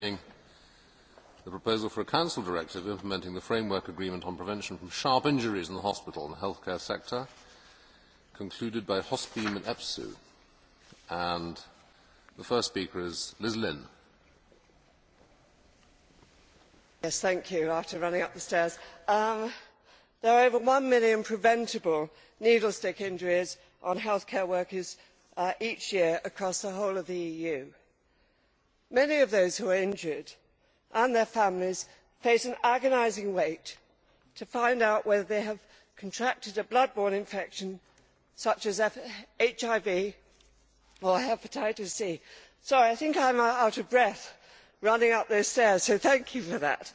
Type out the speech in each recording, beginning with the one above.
the proposal for a Council directive implementing the Framework Agreement on Prevention from Sharp Injuries in the Hospital and Healthcare Sector, concluded by HOSBEAM and EPSU. And the first speaker is Liz Lynn. Yes, thank you. After running up the stairs. Um, there are over one million preventable needle stick injuries on healthcare workers uh, each year across the whole of the EU many of those who are injured and their families face an agonising wait to find out whether they have contracted a blood borne infection such as hiv or hepatitis c. Sorry, i think i am out of breath running up those stairs so thank you for that.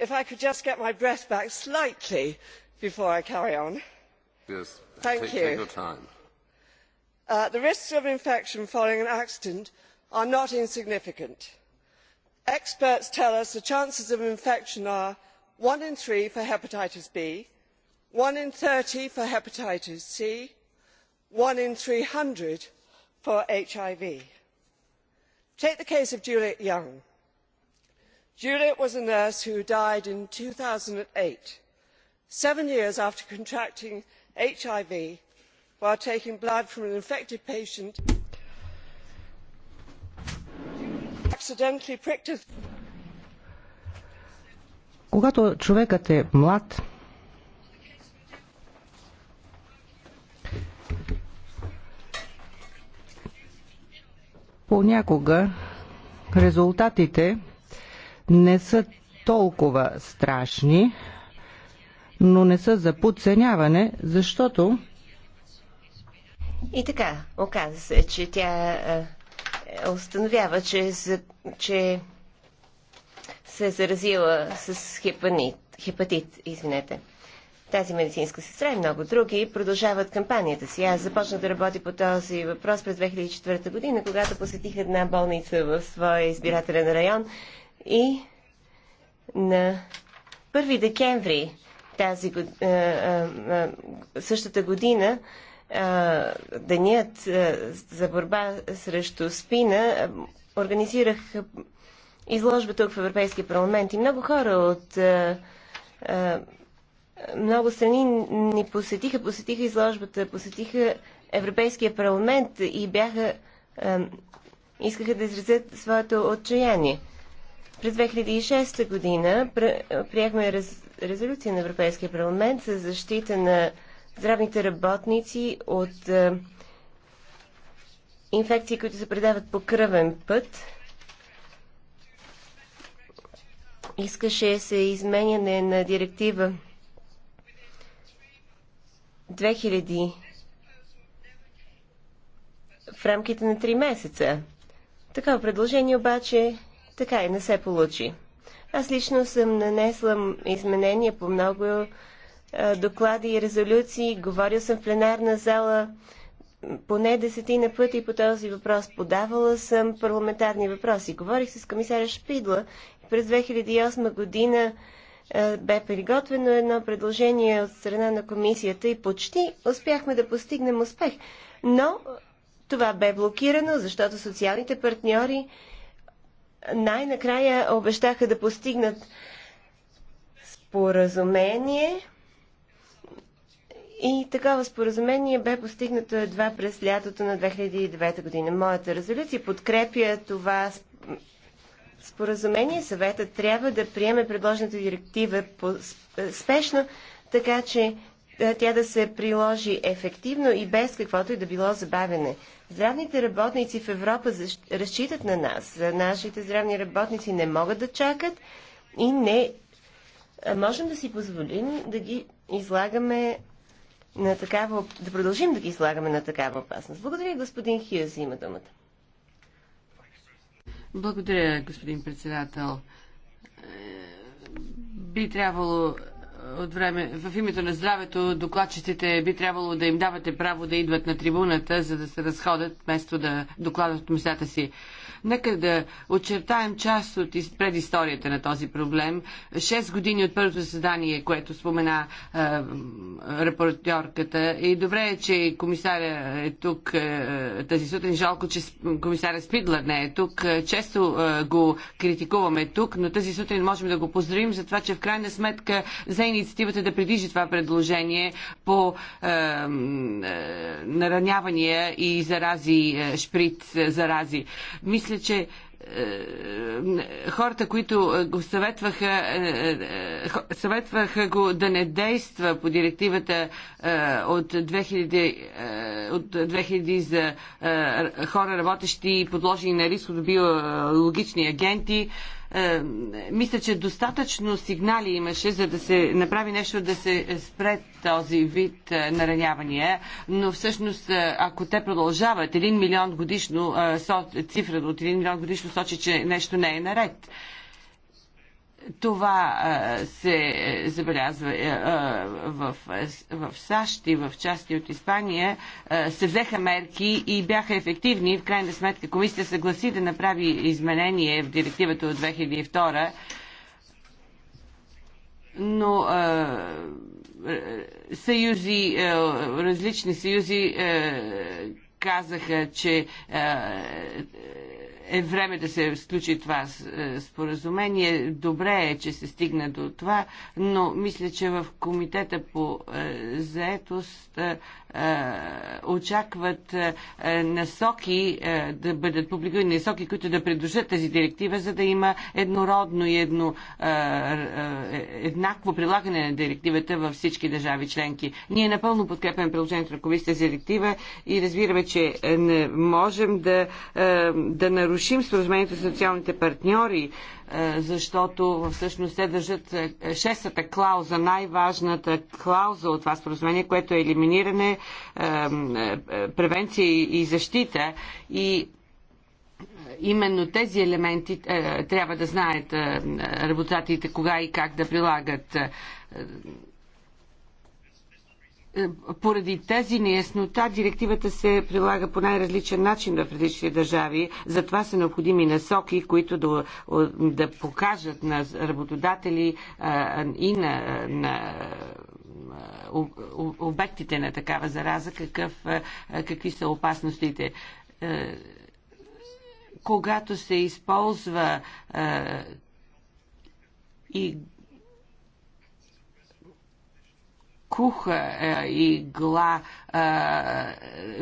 if i could just get my breath back slightly before i carry on. the risks of infection following an accident are not insignificant. experts tell us the chances of infection are one in three for hepatitis b one in thirty for hepatitis c one in three hundred for hiv. take the case of juliet young. juliet was a nurse who died in two thousand and eight seven years after contracting hiv while taking blood from an infected patient Когато човекът е млад, понякога резултатите не са толкова страшни, но не са за подценяване, защото... И така, оказа се, че тя е, установява, че, че се е заразила с хепанит, хепатит. Извинете. Тази медицинска сестра и много други продължават кампанията си. Аз започнах да работя по този въпрос през 2004 година, когато посетих една болница в своя избирателен район и на 1 декември тази, е, е, е, същата година денят за борба срещу спина организирах изложба тук в Европейския парламент и много хора от много страни ни посетиха, посетиха изложбата, посетиха Европейския парламент и бяха искаха да изразят своето отчаяние. През 2006 година приехме резолюция на Европейския парламент за защита на здравните работници от е, инфекции, които се предават по кръвен път. Искаше се изменяне на директива 2000 в рамките на 3 месеца. Такова предложение обаче така и не се получи. Аз лично съм нанесла изменения по много доклади и резолюции. Говорил съм в пленарна зала поне десетина пъти по този въпрос. Подавала съм парламентарни въпроси. Говорих с комисаря Шпидла. През 2008 година бе приготвено едно предложение от страна на комисията и почти успяхме да постигнем успех. Но това бе блокирано, защото социалните партньори най-накрая обещаха да постигнат споразумение и такова споразумение бе постигнато едва през лятото на 2009 година. Моята резолюция подкрепя това споразумение. Съветът трябва да приеме предложената директива спешно, така че е, тя да се приложи ефективно и без каквото и да било забавене. Здравните работници в Европа разчитат на нас. Нашите здравни работници не могат да чакат и не е, можем да си позволим да ги излагаме на такава, да продължим да ги слагаме на такава опасност. Благодаря, господин Хюз, има думата. Благодаря, господин председател. Би трябвало от време, в името на здравето, докладчиците би трябвало да им давате право да идват на трибуната, за да се разходят, вместо да докладват мислята си. Нека да очертаем част от предисторията на този проблем. Шест години от първото създание, което спомена е, репортерката. И добре е, че комисаря е тук е, тази сутрин. Жалко, че комисаря Спидлър не е тук. Често е, го критикуваме тук, но тази сутрин можем да го поздравим за това, че в крайна сметка за инициативата да придвижи това предложение по е, е, наранявания и зарази, е, шприт, е, зарази. Мисля, каже, че е, хората, които го съветваха, е, е, съветваха го да не действа по директивата от 2000, от 2000 за хора работещи и подложени на риск от биологични агенти, е, мисля, че достатъчно сигнали имаше, за да се направи нещо да се спре този вид е, наранявания, но всъщност, е, ако те продължават, 1 милион годишно, цифра от 1 милион годишно сочи, че нещо не е наред. Това се е, забелязва е, е, в, в САЩ и в части от Испания. Се взеха мерки и бяха ефективни. В крайна сметка комисията съгласи да направи изменение в директивата от 2002 но а, съюзи, а, различни съюзи а, казаха, че а, е време да се включи това е, споразумение. Добре е, че се стигна до това, но мисля, че в комитета по е, заетост е, очакват насоки да бъдат публикувани насоки, които да предложат тази директива, за да има еднородно и едно, еднакво прилагане на директивата във всички държави членки. Ние напълно подкрепяме приложението на комисията за директива и разбираме, че не можем да, да нарушим нарушим споразумението с социалните партньори, е, защото всъщност те държат е, шестата клауза, най-важната клауза от това споразумение, което е елиминиране, е, превенция и защита. И именно тези елементи трябва да знаят работодателите кога и как да прилагат е, поради тази неяснота директивата се прилага по най-различен начин в различни държави. Затова са необходими насоки, които да, да покажат на работодатели е, и на, на обектите на такава зараза какъв, е, какви са опасностите когато се използва и куха и е, игла е,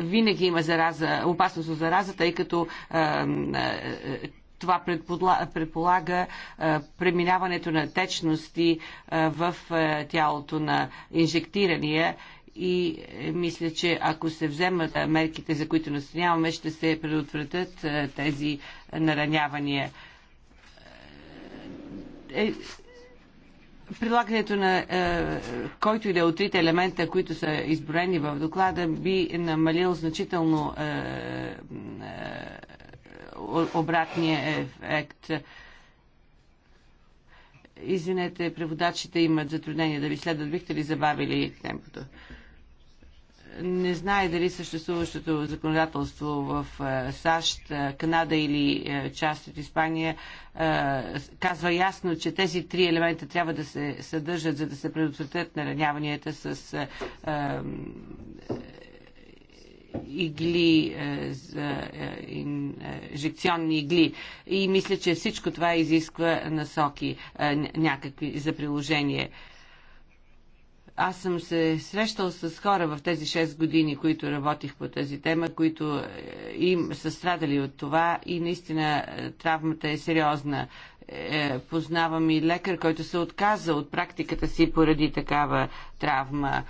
винаги има зараза, опасност от зараза, тъй като е, това предполага преминаването на течности в тялото на инжектирания и мисля, че ако се вземат мерките, за които настояваме, ще се предотвратят тези наранявания Прилагането на е, който и да е от трите елемента, които са изброени в доклада, би намалил значително е, е, обратния ефект. Извинете, преводачите имат затруднение да ви следват. Бихте ли забавили темпото? Е, не знае дали съществуващото законодателство в е, САЩ, е, Канада или е, част от Испания казва ясно, че тези три елемента трябва да се съдържат, за да се предотвратят нараняванията с игли, за инжекционни игли. И мисля, че всичко това изисква насоки някакви за приложение аз съм се срещал с хора в тези 6 години, които работих по тази тема, които е, им са страдали от това и наистина е, травмата е сериозна. Е, познавам и лекар, който се отказа от практиката си поради такава травма.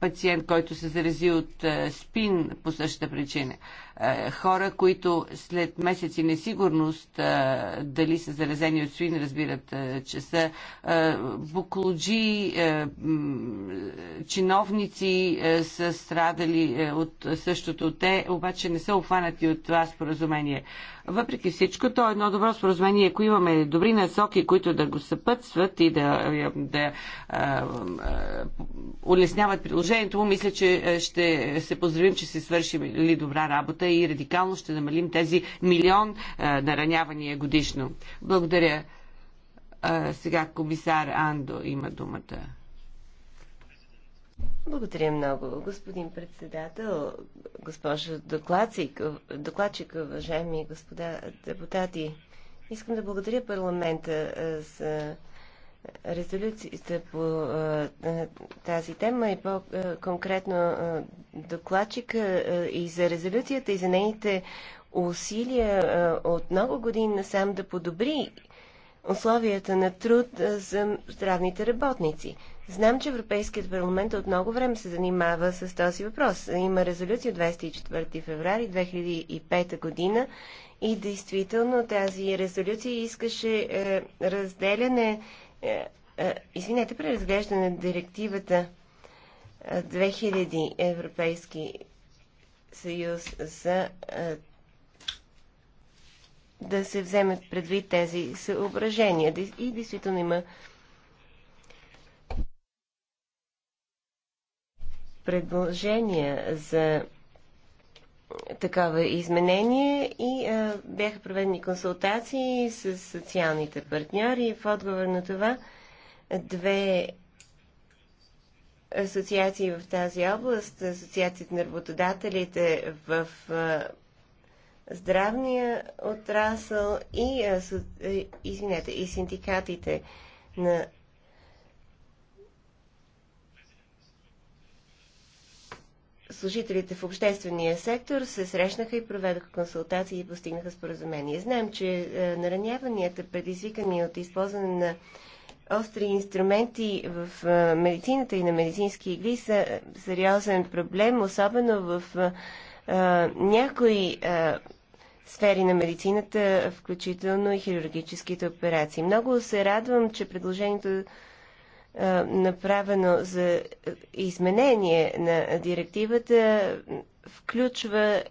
Пациент, който се зарази от спин по същата причина. Е, хора, които след месеци несигурност е, дали са заразени от свин, разбират, е, че са буклуджи, чиновници са страдали от същото. Те обаче не са обхванати от това споразумение. Въпреки всичко, то е едно добро споразумение. Ако имаме добри насоки, които да го съпътстват и да, да да а, улесняват приложението мисля, че ще се поздравим, че се свършим ли добра работа и радикално ще намалим тези милион е, наранявания годишно. Благодаря. Е, сега комисар Андо има думата. Благодаря много, господин председател, госпожо докладчик, докладчик, уважаеми господа депутати. Искам да благодаря парламента е, за резолюцията по тази тема и по-конкретно докладчика и за резолюцията и за нейните усилия от много години насам да подобри условията на труд за здравните работници. Знам, че Европейският парламент от много време се занимава с този въпрос. Има резолюция от 24 феврари 2005 година и действително тази резолюция искаше е, разделяне е, е, извинете, преразглеждане на директивата 2000 е, Европейски съюз за да се вземат предвид тези съображения. И действително има предложения за такова изменение и а, бяха проведени консултации с социалните партньори. В отговор на това две асоциации в тази област, Асоциацията на работодателите в а, здравния отрасъл и, а, извинете, и синдикатите на служителите в обществения сектор се срещнаха и проведоха консултации и постигнаха споразумение. Знаем, че е, нараняванията, предизвикани от използване на остри инструменти в е, медицината и на медицински игли са е, сериозен проблем, особено в някои сфери на медицината, включително и хирургическите операции. Много се радвам, че предложението направено за изменение на директивата включва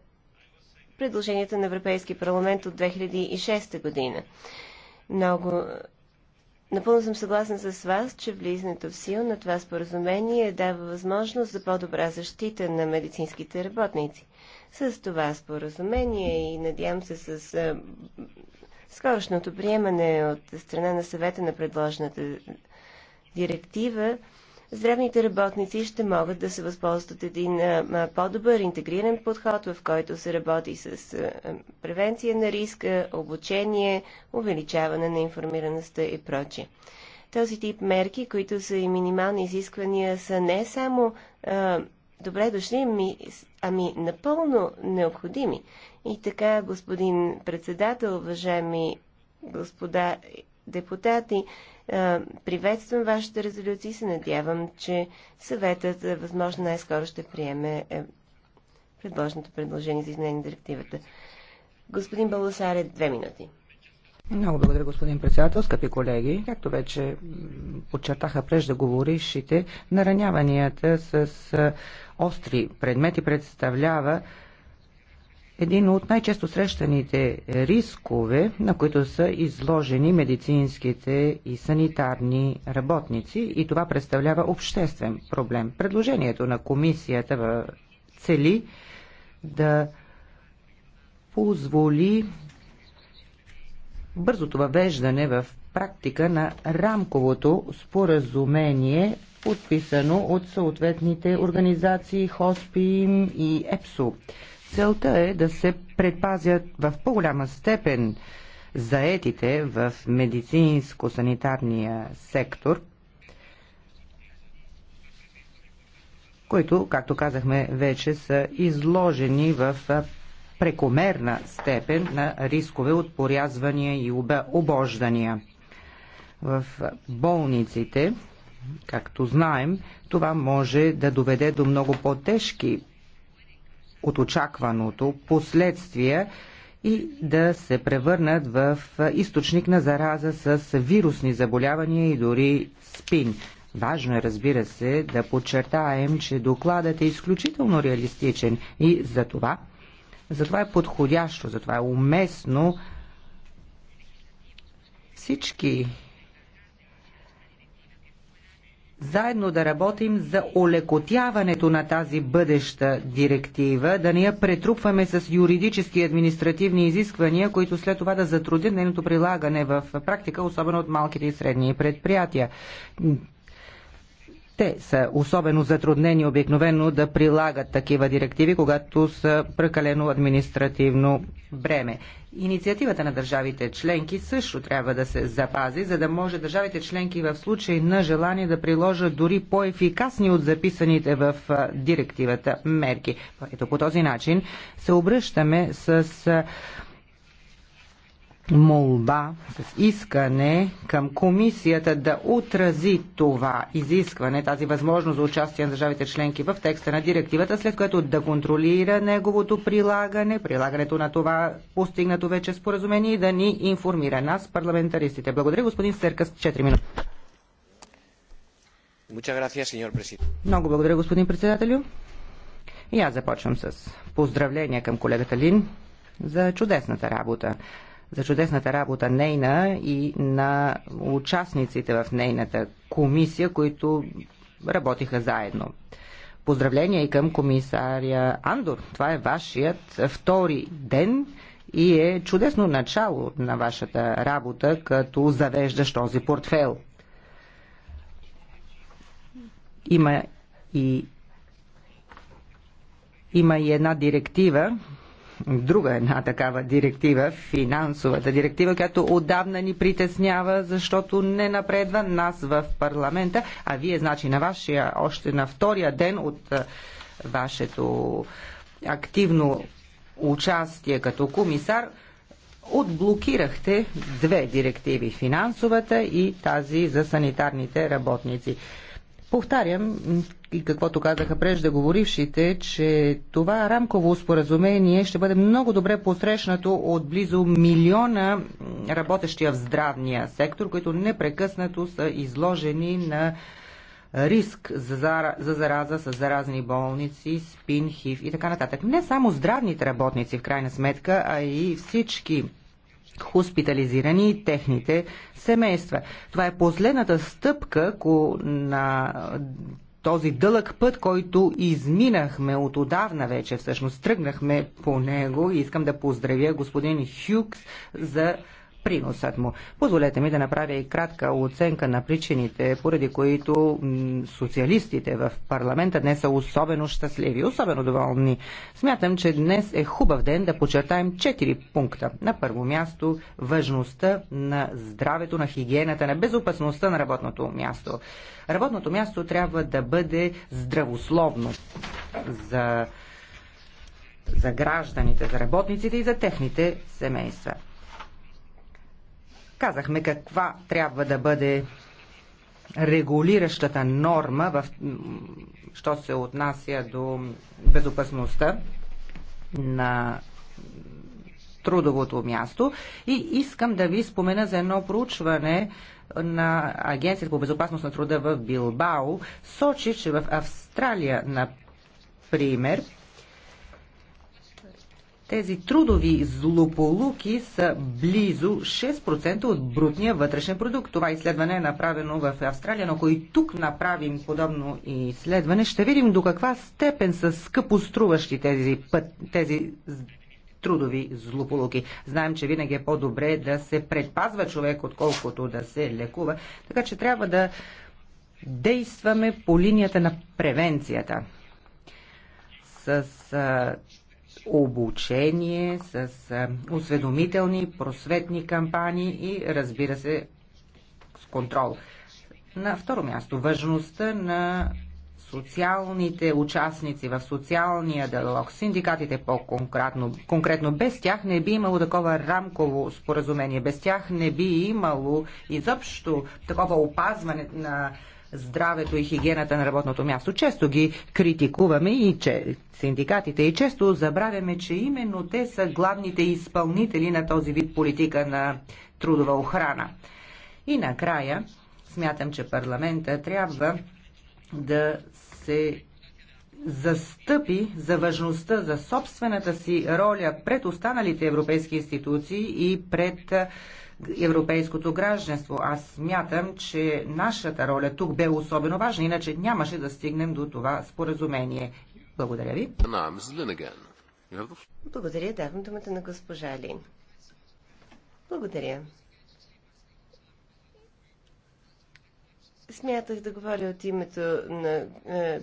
предложенията на Европейски парламент от 2006 година. Много Напълно съм съгласна с вас, че влизането в сил на това споразумение дава възможност за по-добра защита на медицинските работници. С това споразумение и надявам се с а, скорошното приемане от страна на съвета на предложената директива, здравните работници ще могат да се възползват от един по-добър интегриран подход, в който се работи с превенция на риска, обучение, увеличаване на информираността и прочие. Този тип мерки, които са и минимални изисквания, са не само а, добре дошли, ми, ами напълно необходими. И така, господин председател, уважаеми господа депутати, е, приветствам вашите резолюция и се надявам, че съветът е, възможно най-скоро ще приеме е, предложеното предложение за изменение на директивата. Господин Баласаре, две минути. Много благодаря, господин председател, скъпи колеги. Както вече подчертаха преждеговорившите, нараняванията с остри предмети представлява един от най-често срещаните рискове, на които са изложени медицинските и санитарни работници и това представлява обществен проблем. Предложението на комисията цели да позволи бързото въвеждане в практика на рамковото споразумение, подписано от съответните организации, хоспи и ЕПСО. Целта е да се предпазят в по-голяма степен заетите в медицинско-санитарния сектор, които, както казахме вече, са изложени в прекомерна степен на рискове от порязвания и обождания. В болниците, както знаем, това може да доведе до много по-тежки от очакваното последствия и да се превърнат в източник на зараза с вирусни заболявания и дори спин. Важно е, разбира се, да подчертаем, че докладът е изключително реалистичен и за това, за това е подходящо, за това е уместно всички заедно да работим за олекотяването на тази бъдеща директива, да не я претрупваме с юридически и административни изисквания, които след това да затрудят нейното прилагане в практика, особено от малките и средни предприятия те са особено затруднени обикновено да прилагат такива директиви, когато са прекалено административно бреме. Инициативата на държавите членки също трябва да се запази, за да може държавите членки в случай на желание да приложат дори по-ефикасни от записаните в директивата мерки. Ето по този начин се обръщаме с молба, с искане към комисията да отрази това изискване, тази възможност за участие на държавите членки в текста на директивата, след което да контролира неговото прилагане, прилагането на това постигнато вече споразумение и да ни информира нас, парламентаристите. Благодаря, господин Серкас, 4 минути. Много благодаря, господин председателю. И аз започвам с поздравления към колегата Лин за чудесната работа за чудесната работа нейна и на участниците в нейната комисия, които работиха заедно. Поздравления и към комисаря Андор. Това е вашият втори ден и е чудесно начало на вашата работа, като завеждаш този портфел. Има и има и една директива, друга една такава директива, финансовата директива, която отдавна ни притеснява, защото не напредва нас в парламента, а вие, значи, на вашия, още на втория ден от вашето активно участие като комисар, отблокирахте две директиви финансовата и тази за санитарните работници. Повтарям и каквото казаха преждеговорившите, че това рамково споразумение ще бъде много добре посрещнато от близо милиона работещия в здравния сектор, които непрекъснато са изложени на риск за, зара, за зараза с заразни болници, спин, хив и така нататък. Не само здравните работници, в крайна сметка, а и всички хоспитализирани и техните семейства. Това е последната стъпка на този дълъг път, който изминахме от отдавна вече, всъщност тръгнахме по него. и Искам да поздравя господин Хюкс за приносът му. Позволете ми да направя и кратка оценка на причините, поради които социалистите в парламента днес са особено щастливи, особено доволни. Смятам, че днес е хубав ден да почертаем четири пункта. На първо място важността на здравето, на хигиената, на безопасността на работното място. Работното място трябва да бъде здравословно за за гражданите, за работниците и за техните семейства. Казахме каква трябва да бъде регулиращата норма, в, що се отнася до безопасността на трудовото място. И искам да ви спомена за едно проучване на Агенцията по безопасност на труда в Билбао. Сочи, че в Австралия, например, тези трудови злополуки са близо 6% от брутния вътрешен продукт. Това изследване е направено в Австралия, но ако и тук направим подобно изследване, ще видим до каква степен са скъпоструващи тези, път, тези трудови злополуки. Знаем, че винаги е по-добре да се предпазва човек, отколкото да се лекува. Така че трябва да действаме по линията на превенцията. С обучение, с осведомителни, просветни кампании и, разбира се, с контрол. На второ място, важността на социалните участници в социалния диалог, синдикатите по-конкретно, конкретно без тях не би имало такова рамково споразумение, без тях не би имало изобщо такова опазване на здравето и хигиената на работното място. Често ги критикуваме и че синдикатите и често забравяме, че именно те са главните изпълнители на този вид политика на трудова охрана. И накрая, смятам, че парламента трябва да се застъпи за важността за собствената си роля пред останалите европейски институции и пред европейското гражданство. Аз мятам, че нашата роля тук бе особено важна, иначе нямаше да стигнем до това споразумение. Благодаря ви. Благодаря. Давам думата на госпожа Лин. Благодаря. Смятах да говоря от името на е,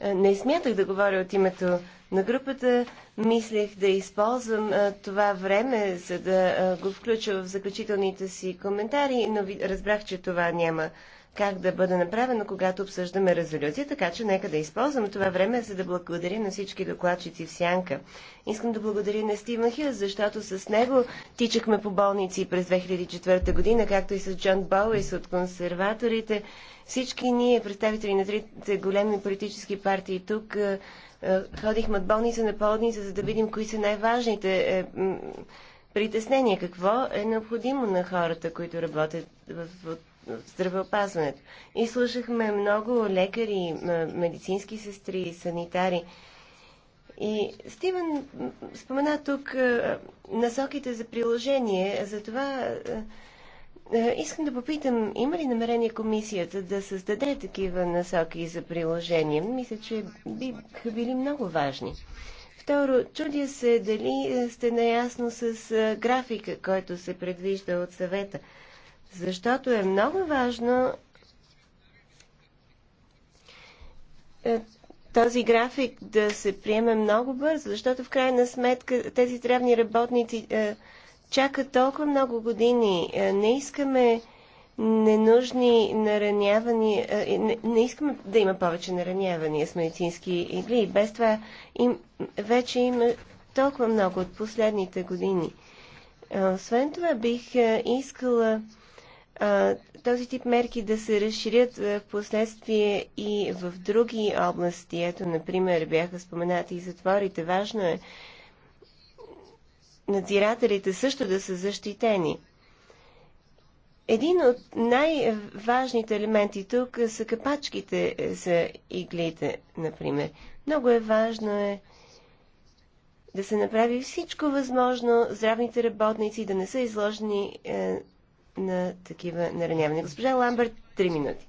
е, не смятах да говоря от името на групата. Мислех да използвам е, това време, за да е, го включа в заключителните си коментари, но разбрах, че това няма как да бъде направено, когато обсъждаме резолюция, така че нека да използвам това време, за да благодаря на всички докладчици в Сянка. Искам да благодаря на Стивен Хил, защото с него тичахме по болници през 2004 година, както и с Джон Боуис от консерваторите. Всички ние, представители на трите големи политически партии тук, е, е, ходихме от болница на болница, за да видим кои са най-важните е, притеснения. Какво е необходимо на хората, които работят в здравеопазването. И слушахме много лекари, медицински сестри, санитари. И Стивен спомена тук насоките за приложение. Затова искам да попитам, има ли намерение комисията да създаде такива насоки за приложение? Мисля, че биха били много важни. Второ, чудя се дали сте наясно с графика, който се предвижда от съвета – защото е много важно е, този график да се приеме много бързо, защото в крайна сметка тези здравни работници е, чакат толкова много години. Е, не искаме ненужни наранявания, е, не, не искаме да има повече наранявания с медицински игли. Без това им, вече има толкова много от последните години. Е, освен това бих е, искала този тип мерки да се разширят в последствие и в други области. Ето, например, бяха споменати и затворите. Важно е надзирателите също да са защитени. Един от най-важните елементи тук са капачките за иглите, например. Много е важно е да се направи всичко възможно здравните работници да не са изложени е, на такива наранявания. Госпожа Ламберт, 3 минути.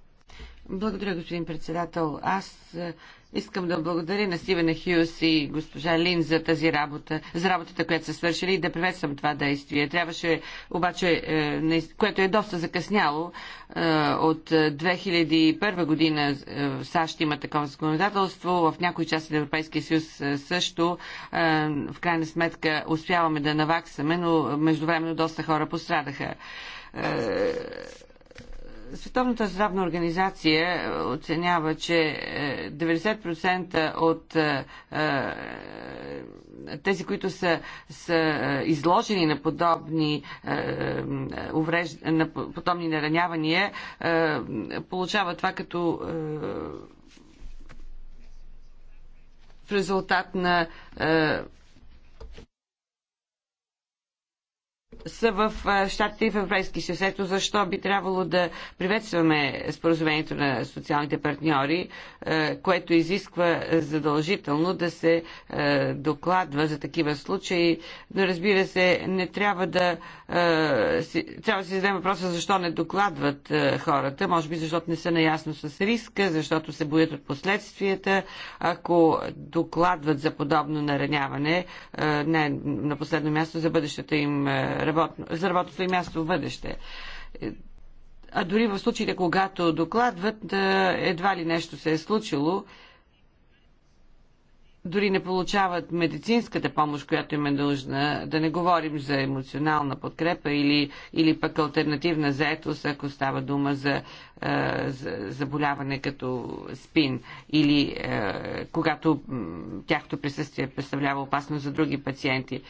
Благодаря, господин председател. Аз е, искам да благодаря на Стивена Хюс и госпожа Лин за тази работа, за работата, която са свършили и да приветствам това действие. Трябваше обаче, е, което е доста закъсняло, е, от 2001 година в САЩ има такова законодателство, в някои части на Европейския съюз също. В крайна сметка успяваме да наваксаме, но междувременно доста хора пострадаха. Е, Световната здравна организация оценява, че 90% е, от е, тези, които са, са изложени на подобни, увреж... на подобни наранявания, получават това като в резултат на са в Штатите и в Европейски съюз. Ето защо би трябвало да приветстваме споразумението на социалните партньори, което изисква задължително да се докладва за такива случаи. Но разбира се, не трябва да трябва да си зададем въпроса защо не докладват хората. Може би защото не са наясно с риска, защото се боят от последствията. Ако докладват за подобно нараняване, не на последно място за бъдещата им работа работно, за работното и място в бъдеще. А дори в случаите, когато докладват, едва ли нещо се е случило, дори не получават медицинската помощ, която им е нужна, да не говорим за емоционална подкрепа или, или пък альтернативна заетост, ако става дума за заболяване като спин или когато тяхто присъствие представлява опасност за други пациенти.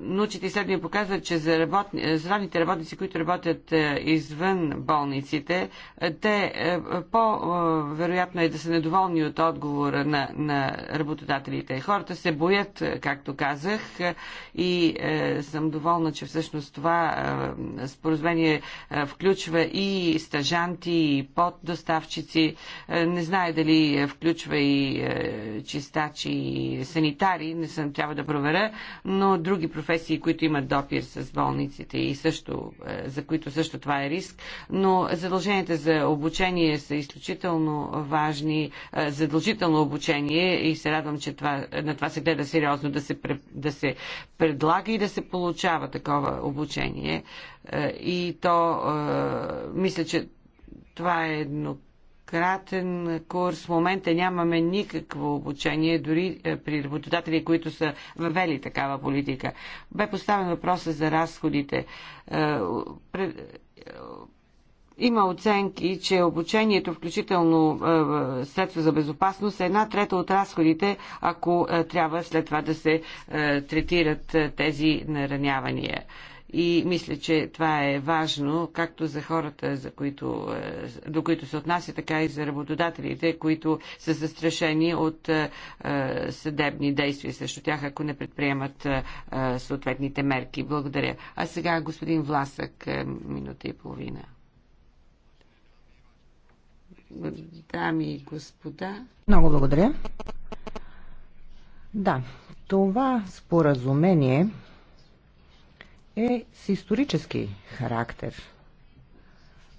Научите изследвания показват, че за здравните работници, които работят извън болниците, те по-вероятно е да са недоволни от отговора на, на работодателите. Хората се боят, както казах, и съм доволна, че всъщност това споразумение включва и стажан консултанти и поддоставчици. Е, не знае дали е, включва и е, чистачи и санитари, не съм трябва да проверя, но други професии, които имат допир с болниците и също, за които също това е риск. Но задълженията за обучение са изключително важни, задължително обучение и се радвам, че това, на това се гледа сериозно да се, да се предлага и да се получава такова обучение и то мисля, че това е еднократен курс. В момента нямаме никакво обучение, дори е, при работодатели, които са въвели такава политика. Бе поставен въпроса за разходите. Е, е, има оценки, че обучението, включително средства за безопасност, е една трета от разходите, ако трябва след това да се третират тези наранявания. И мисля, че това е важно, както за хората, за които, е, до които се отнася, така и за работодателите, които са застрашени от е, е, съдебни действия срещу тях, ако не предприемат съответните мерки. Благодаря. А сега господин Власък, минута и половина. Дами и господа. Много благодаря. Да, това споразумение е с исторически характер,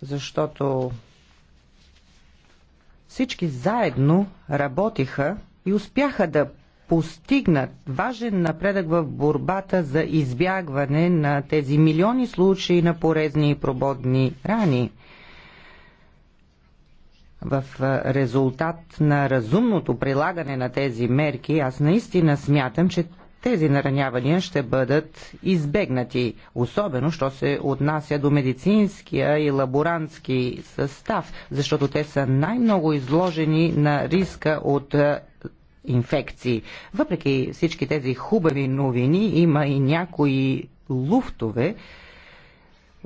защото всички заедно работиха и успяха да постигнат важен напредък в борбата за избягване на тези милиони случаи на порезни и прободни рани. В резултат на разумното прилагане на тези мерки, аз наистина смятам, че тези наранявания ще бъдат избегнати, особено, що се отнася до медицинския и лаборантски състав, защото те са най-много изложени на риска от е, инфекции. Въпреки всички тези хубави новини, има и някои луфтове,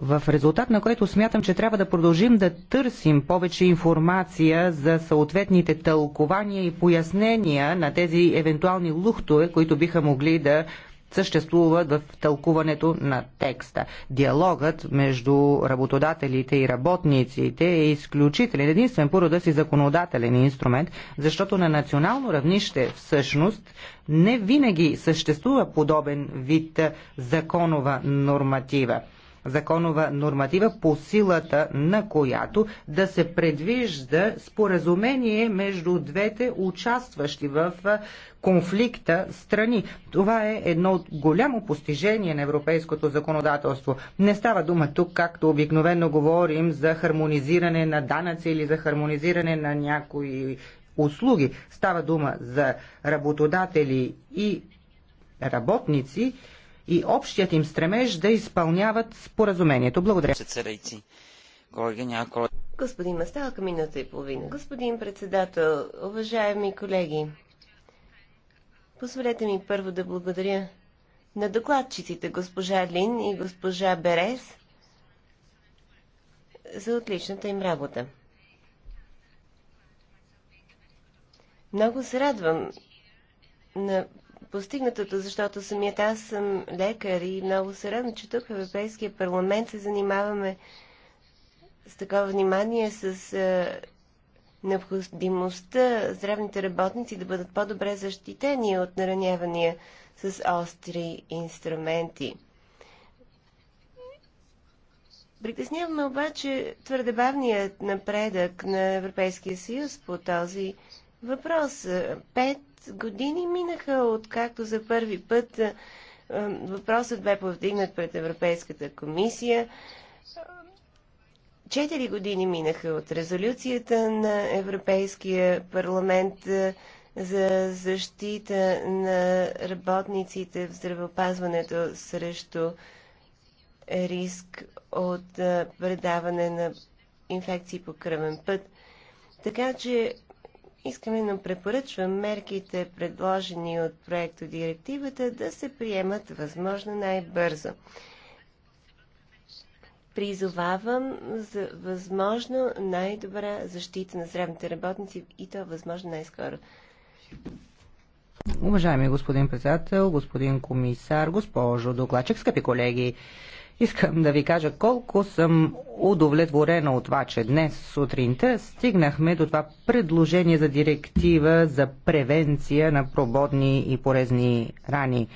в резултат на което смятам, че трябва да продължим да търсим повече информация за съответните тълкования и пояснения на тези евентуални лухтове, които биха могли да съществуват в тълкуването на текста. Диалогът между работодателите и работниците е изключителен, единствен по рода си законодателен инструмент, защото на национално равнище всъщност не винаги съществува подобен вид законова норматива законова норматива, по силата на която да се предвижда споразумение между двете участващи в конфликта страни. Това е едно от голямо постижение на европейското законодателство. Не става дума тук, както обикновено говорим, за хармонизиране на данъци или за хармонизиране на някои услуги. Става дума за работодатели и работници, и общият им стремеж да изпълняват споразумението. Благодаря. Господин Масталка, минута и половина. Господин председател, уважаеми колеги, позволете ми първо да благодаря на докладчиците госпожа Лин и госпожа Берес за отличната им работа. Много се радвам на постигнатото, защото самият аз съм лекар и много се радвам, че тук в Европейския парламент се занимаваме с такова внимание с а, необходимостта здравните работници да бъдат по-добре защитени от наранявания с остри инструменти. Притесняваме обаче твърде бавният напредък на Европейския съюз по този въпрос. Пет години минаха, откакто за първи път въпросът бе повдигнат пред Европейската комисия. Четири години минаха от резолюцията на Европейския парламент за защита на работниците в здравеопазването срещу риск от предаване на инфекции по кръвен път. Така че Искаме да препоръчвам мерките, предложени от проекто директивата, да се приемат възможно най-бързо. Призовавам за възможно най-добра защита на здравните работници и то възможно най-скоро. Уважаеми господин председател, господин комисар, госпожо докладчик, скъпи колеги, Искам да ви кажа колко съм удовлетворена от това, че днес сутринта стигнахме до това предложение за директива за превенция на прободни и порезни рани.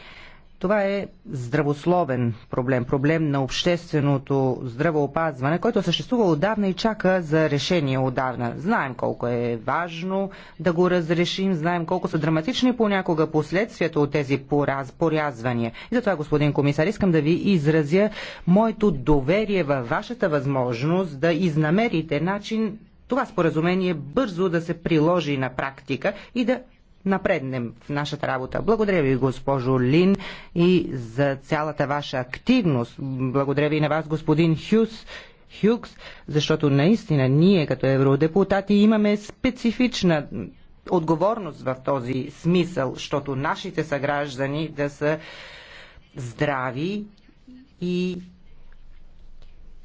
Това е здравословен проблем, проблем на общественото здравоопазване, който съществува отдавна и чака за решение отдавна. Знаем колко е важно да го разрешим, знаем колко са драматични понякога последствията от тези пораз, порязвания. И затова, господин комисар, искам да ви изразя моето доверие във вашата възможност да изнамерите начин това споразумение бързо да се приложи на практика и да напреднем в нашата работа. Благодаря ви, госпожо Лин, и за цялата ваша активност. Благодаря ви на вас, господин Хюс, Хюкс, защото наистина ние като евродепутати имаме специфична отговорност в този смисъл, защото нашите съграждани да са здрави и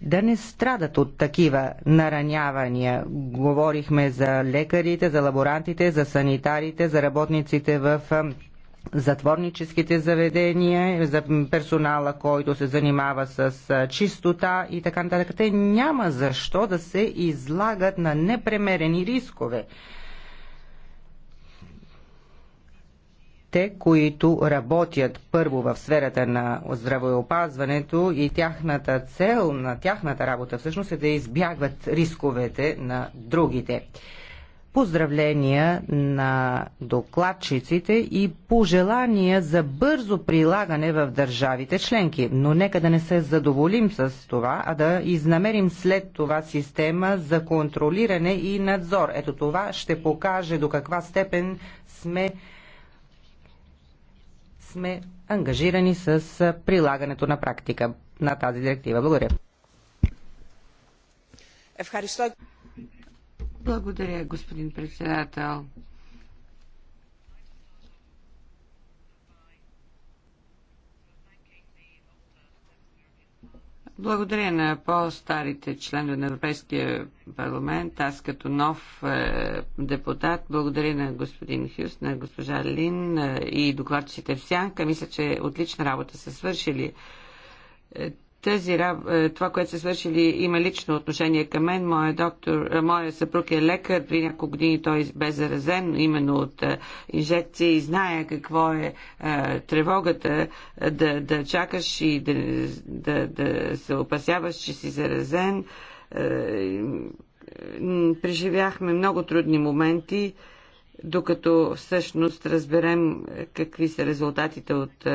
да не страдат от такива наранявания. Говорихме за лекарите, за лаборантите, за санитарите, за работниците в затворническите заведения, за персонала, който се занимава с чистота и така нататък. Те няма защо да се излагат на непремерени рискове. те, които работят първо в сферата на здравеопазването и тяхната цел на тяхната работа всъщност е да избягват рисковете на другите. Поздравления на докладчиците и пожелания за бързо прилагане в държавите членки. Но нека да не се задоволим с това, а да изнамерим след това система за контролиране и надзор. Ето това ще покаже до каква степен сме сме ангажирани с прилагането на практика на тази директива. Благодаря. Благодаря, господин председател. Благодаря на по-старите членове на Европейския парламент. Аз като нов е, депутат благодаря на господин Хюс, на госпожа Лин е, и докладчите в Сянка. Мисля, че отлична работа са свършили. Е, тези е, това, което са свършили, има лично отношение към мен. Моя, доктор, е, моя съпруг е лекар. При няколко години той бе заразен, именно от е, инжекция и знае какво е тревогата да, да чакаш и да, да, да се опасяваш, че си заразен. Преживяхме много трудни моменти, докато всъщност разберем какви са резултатите от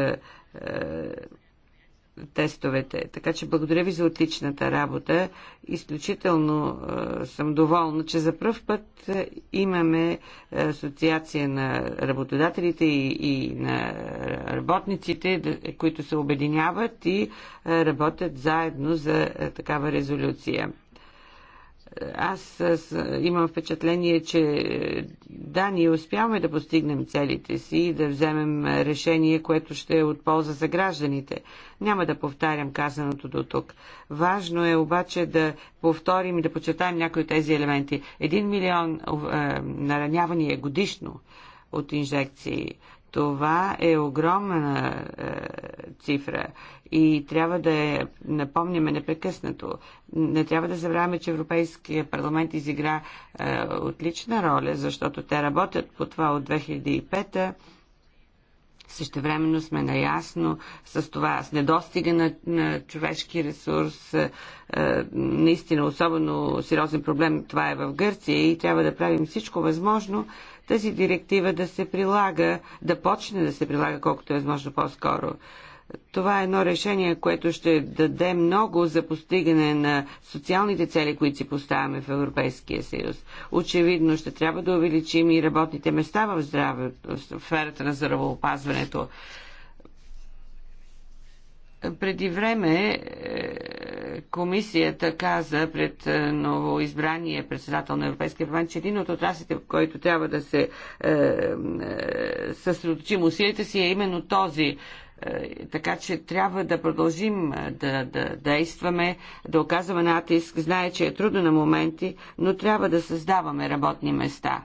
тестовете. Така че благодаря ви за отличната работа. Изключително е, съм доволна, че за първ път е, имаме е, асоциация на работодателите и, и на работниците, които се обединяват и е, работят заедно за такава резолюция аз, с, имам впечатление, че да, ние успяваме да постигнем целите си и да вземем решение, което ще е от полза за гражданите. Няма да повтарям казаното до тук. Важно е обаче да повторим и да почетаем някои от тези елементи. Един милион е, наранявания годишно от инжекции. Това е огромна е, цифра и трябва да я е, напомняме непрекъснато. Не трябва да забравяме, че Европейския парламент изигра е, отлична роля, защото те работят по това от 2005 -та. Същевременно сме наясно с това, с недостига на, на човешки ресурс. Е, е, наистина особено сериозен проблем това е в Гърция и трябва да правим всичко възможно тази директива да се прилага, да почне да се прилага колкото е възможно по-скоро. Е, това е едно решение, което ще даде много за постигане на социалните цели, които си поставяме в Европейския съюз. Очевидно ще трябва да увеличим и работните места в, здраве, в сферата на здравеопазването. Преди време е, комисията каза пред е, новоизбрания председател на Европейския парламент, че един от отраслите, в който трябва да се е, е, съсредоточим усилите си, е именно този е, така че трябва да продължим е, да, да действаме, да оказваме натиск. Знае, че е трудно на моменти, но трябва да създаваме работни места.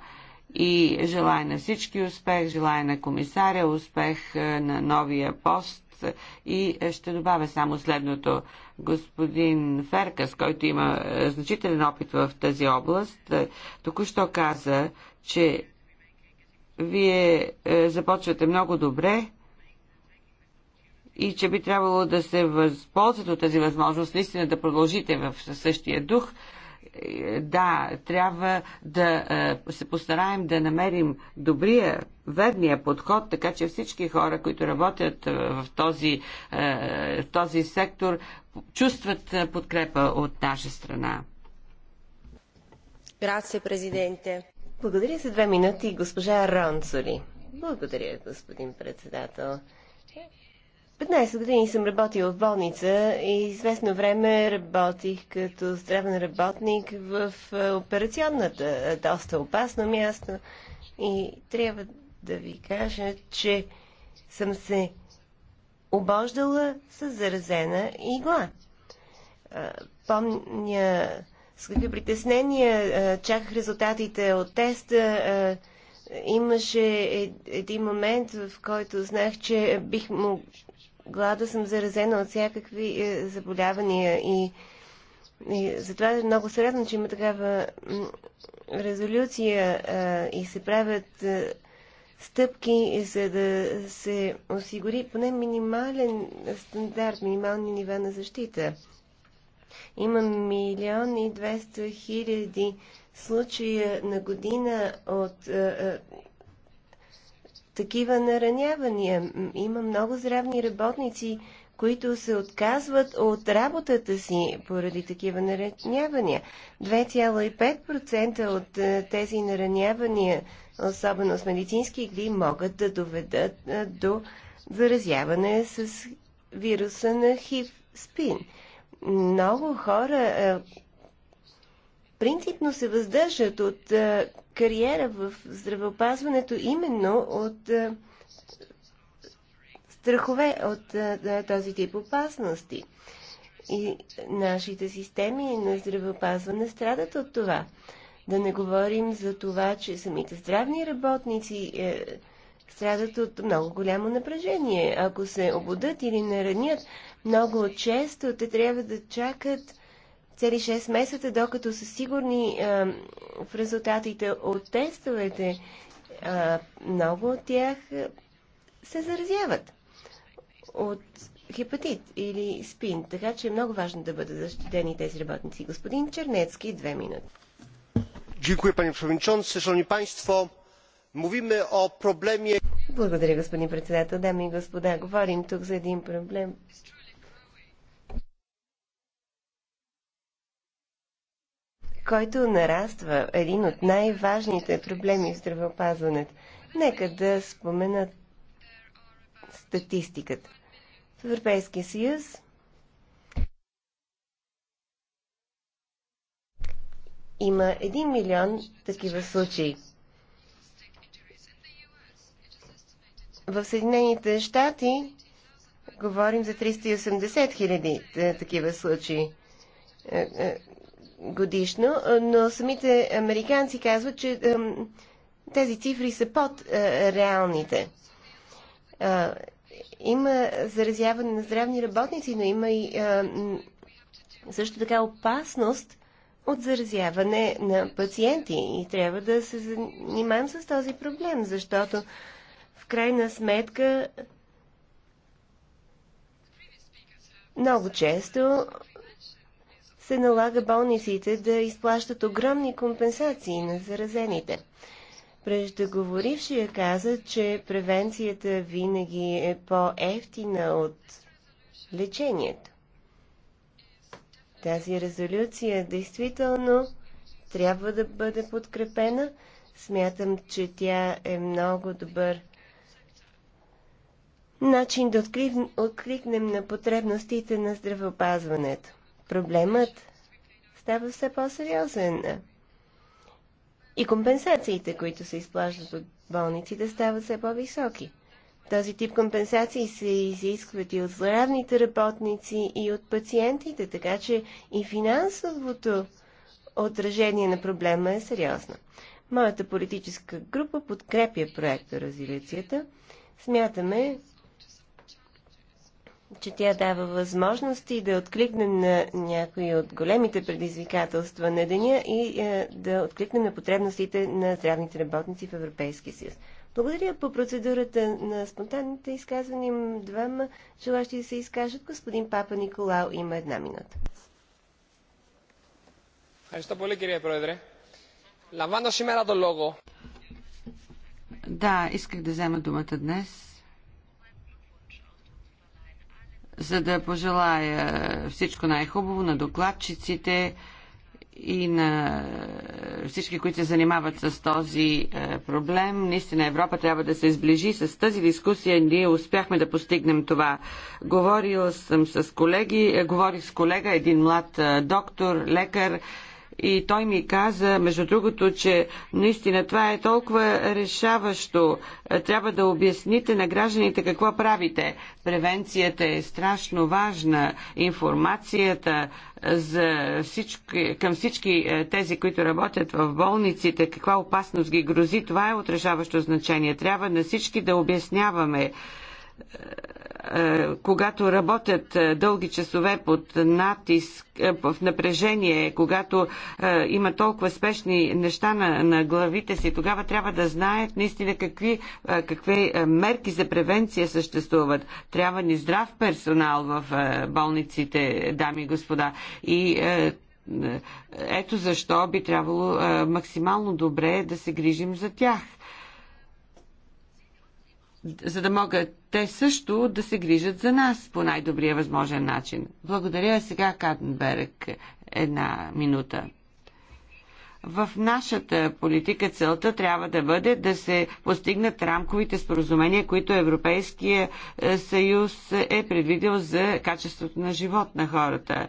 И желая на всички успех, желая на комисаря успех е, на новия пост и ще добавя само следното. Господин Феркас, който има значителен опит в тази област, току-що каза, че вие започвате много добре, и че би трябвало да се възползват от тази възможност, наистина да продължите в същия дух. Е, да, трябва да е, се постараем да намерим добрия, верния подход, така че всички хора, които работят е, в този, в този сектор, чувстват подкрепа от наша страна. Грация, президенте. Благодаря за две минути, госпожа Ронцоли. Благодаря, господин председател. 15 години съм работила в болница и известно време работих като здравен работник в е, операционната, е, доста опасно място. И трябва да ви кажа, че съм се обождала с заразена игла. Е, помня с какви притеснения чаках резултатите от теста имаше един момент, в който знах, че бих могъл Глада съм заразена от всякакви е, заболявания и, и затова е много средно, че има такава резолюция е, и се правят е, стъпки, за да се осигури поне минимален стандарт, минимални нива на защита. Има милион и 200 хиляди случая на година от е, е такива наранявания. Има много здравни работници, които се отказват от работата си поради такива наранявания. 2,5% от е, тези наранявания, особено с медицински игли, могат да доведат е, до заразяване с вируса на хив спин. Много хора е, принципно се въздържат от кариера в здравеопазването именно от е, страхове от е, този тип опасности. И нашите системи на здравеопазване страдат от това. Да не говорим за това, че самите здравни работници е, страдат от много голямо напрежение. Ако се ободат или наранят, много често те трябва да чакат цели 6 месеца, докато са сигурни а, в резултатите от тестовете, а, много от тях се заразяват от хепатит или спин. Така че е много важно да бъдат защитени тези работници. Господин Чернецки, две минути. Дякую, пани przewodniczący, szanowni państwo. мовиме о problemie. Благодаря, господин председател. Дами и господа, говорим тук за един проблем, който нараства. Един от най-важните проблеми в здравеопазването. Нека да спомена статистиката. В Европейския съюз има 1 милион такива случаи. В Съединените щати говорим за 380 хиляди е, такива случаи. Е, е, годишно, но самите американци казват, че тези цифри са под реалните. Има заразяване на здравни работници, но има и също така опасност от заразяване на пациенти. И трябва да се занимаем с този проблем, защото в крайна сметка много често се налага болниците да изплащат огромни компенсации на заразените. Преждеговорившия каза, че превенцията винаги е по-ефтина от лечението. Тази резолюция действително трябва да бъде подкрепена. Смятам, че тя е много добър начин да откликнем на потребностите на здравеопазването проблемът става все по-сериозен. И компенсациите, които се изплащат от болниците, стават все по-високи. Този тип компенсации се изискват и от здравните работници, и от пациентите, така че и финансовото отражение на проблема е сериозно. Моята политическа група подкрепя проекта резолюцията. Смятаме, че тя дава възможности да откликне на някои от големите предизвикателства на деня и е, да откликне на потребностите на здравните работници в Европейския съюз. Благодаря по процедурата на спонтанните изказвания. Двама желащи да се изкажат. Господин Папа Николао има една минута. Ευχαριστώ πολύ κύριε Πρόεδρε. Λαμβάνω σήμερα τον λόγο. Да, исках да взема думата днес за да пожелая всичко най-хубаво на докладчиците и на всички, които се занимават с този е, проблем. Наистина Европа трябва да се изближи. С тази дискусия ние успяхме да постигнем това. Говорил съм с колеги, е, говорих с колега, един млад е, доктор, лекар, и той ми каза, между другото, че наистина това е толкова решаващо. Трябва да обясните на гражданите какво правите. Превенцията е страшно важна. Информацията за всички, към всички е, тези, които работят в болниците, каква опасност ги грози, това е отрешаващо значение. Трябва на всички да обясняваме е, когато работят е, дълги часове под натиск, в е, напрежение, когато има толкова спешни неща на, на главите си, тогава трябва да знаят наистина какви, какви мерки за превенция съществуват. Трябва ни здрав персонал в болниците, дами и господа. И ето защо би трябвало максимално добре да се грижим за тях за да могат те също да се грижат за нас по най-добрия възможен начин. Благодаря сега Каденберг една минута. В нашата политика целта трябва да бъде да се постигнат рамковите споразумения, които Европейския е, съюз е предвидил за качеството на живот на хората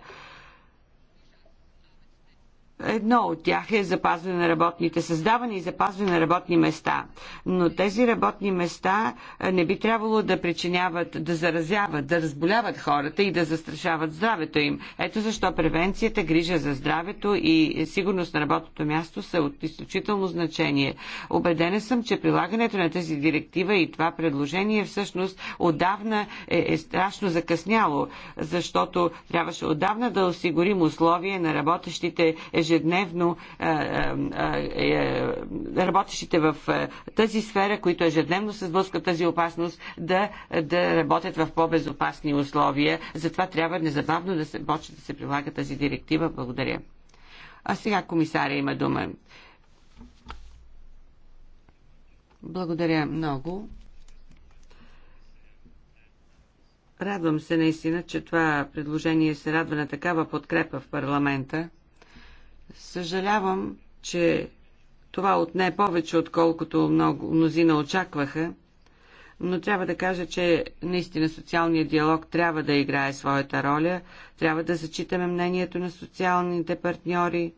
Едно от тях е запазване на работните, създаване и запазване на работни места. Но тези работни места не би трябвало да причиняват, да заразяват, да разболяват хората и да застрашават здравето им. Ето защо превенцията, грижа за здравето и сигурност на работното място са от изключително значение. Обедена съм, че прилагането на тази директива и това предложение всъщност отдавна е, е страшно закъсняло, защото трябваше отдавна да осигурим условия на работещите ежедневно ежедневно е, е, работещите в тази сфера, които ежедневно се сблъскат тази опасност, да, да работят в по-безопасни условия. Затова трябва незабавно да се почне да се прилага тази директива. Благодаря. А сега комисаря има дума. Благодаря много. Радвам се наистина, че това предложение се радва на такава подкрепа в парламента. Съжалявам, че това отне повече, отколкото много, мнозина очакваха, но трябва да кажа, че наистина социалният диалог трябва да играе своята роля, трябва да зачитаме мнението на социалните партньори,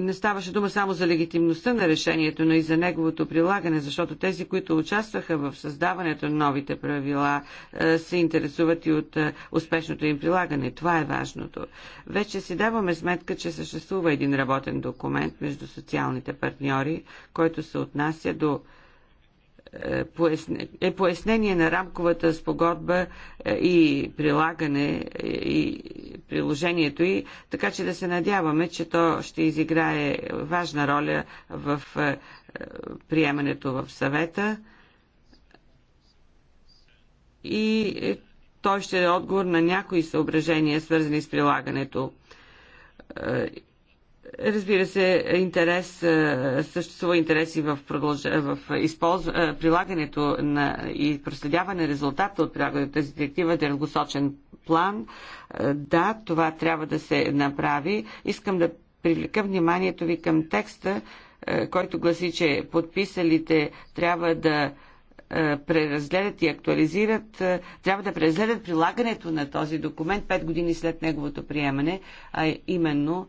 не ставаше дума само за легитимността на решението, но и за неговото прилагане, защото тези, които участваха в създаването на новите правила, е, се интересуват и от е, успешното им прилагане. Това е важното. Вече си даваме сметка, че съществува един работен документ между социалните партньори, който се отнася до е пояснение на рамковата спогодба е, и прилагане е, и приложението й, така че да се надяваме, че то ще изиграе важна роля в е, приемането в съвета и той ще е отговор на някои съображения, свързани с прилагането Разбира се, интерес, съществува интереси в, продълж... в използ... прилагането на и проследяване резултата от прилагането на тази директива, дългосочен план. Да, това трябва да се направи. Искам да привлека вниманието ви към текста, който гласи, че подписалите трябва да преразгледат и актуализират, трябва да преразгледат прилагането на този документ 5 години след неговото приемане, а именно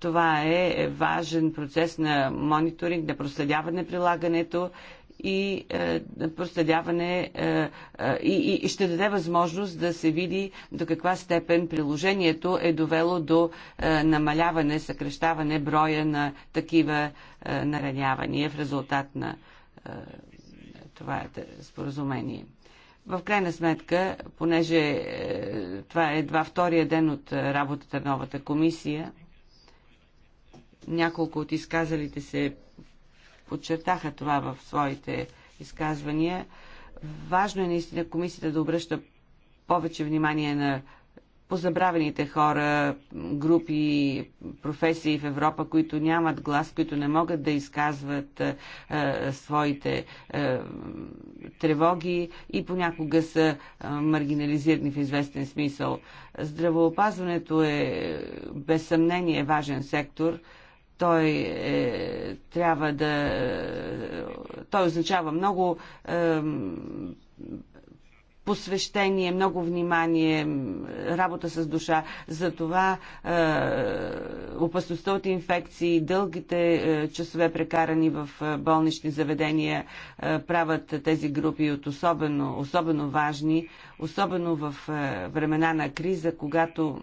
това е важен процес на мониторинг, на проследяване прилагането и е, проследяване е, е, и, и ще даде възможност да се види до каква степен приложението е довело до е, намаляване, съкрещаване броя на такива е, наранявания в резултат на е, това е споразумение. В крайна сметка, понеже е, това е едва втория ден от е, работата на новата комисия, няколко от изказалите се подчертаха това в своите изказвания. Важно е наистина комисията да обръща повече внимание на позабравените хора, групи, професии в Европа, които нямат глас, които не могат да изказват е, своите е, тревоги и понякога са е, маргинализирани в известен смисъл. Здравоопазването е без съмнение важен сектор той е, трябва да. Той означава много е, посвещение, много внимание, работа с душа. Затова е, опасността от инфекции, дългите е, часове прекарани в е, болнични заведения е, правят тези групи от особено, особено важни, особено в е, времена на криза, когато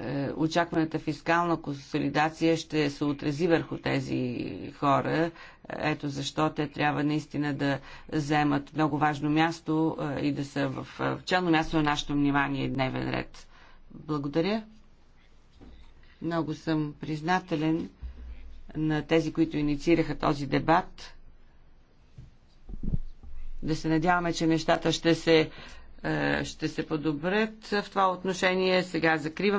е, очакваната фискална консолидация ще се отрази върху тези хора. Ето защо те трябва наистина да вземат много важно място е, и да са е, в челно място на нашето внимание и дневен ред. Благодаря. Много съм признателен на тези, които инициираха този дебат. Да се надяваме, че нещата ще се, ще се подобрят в това отношение. Сега закривам.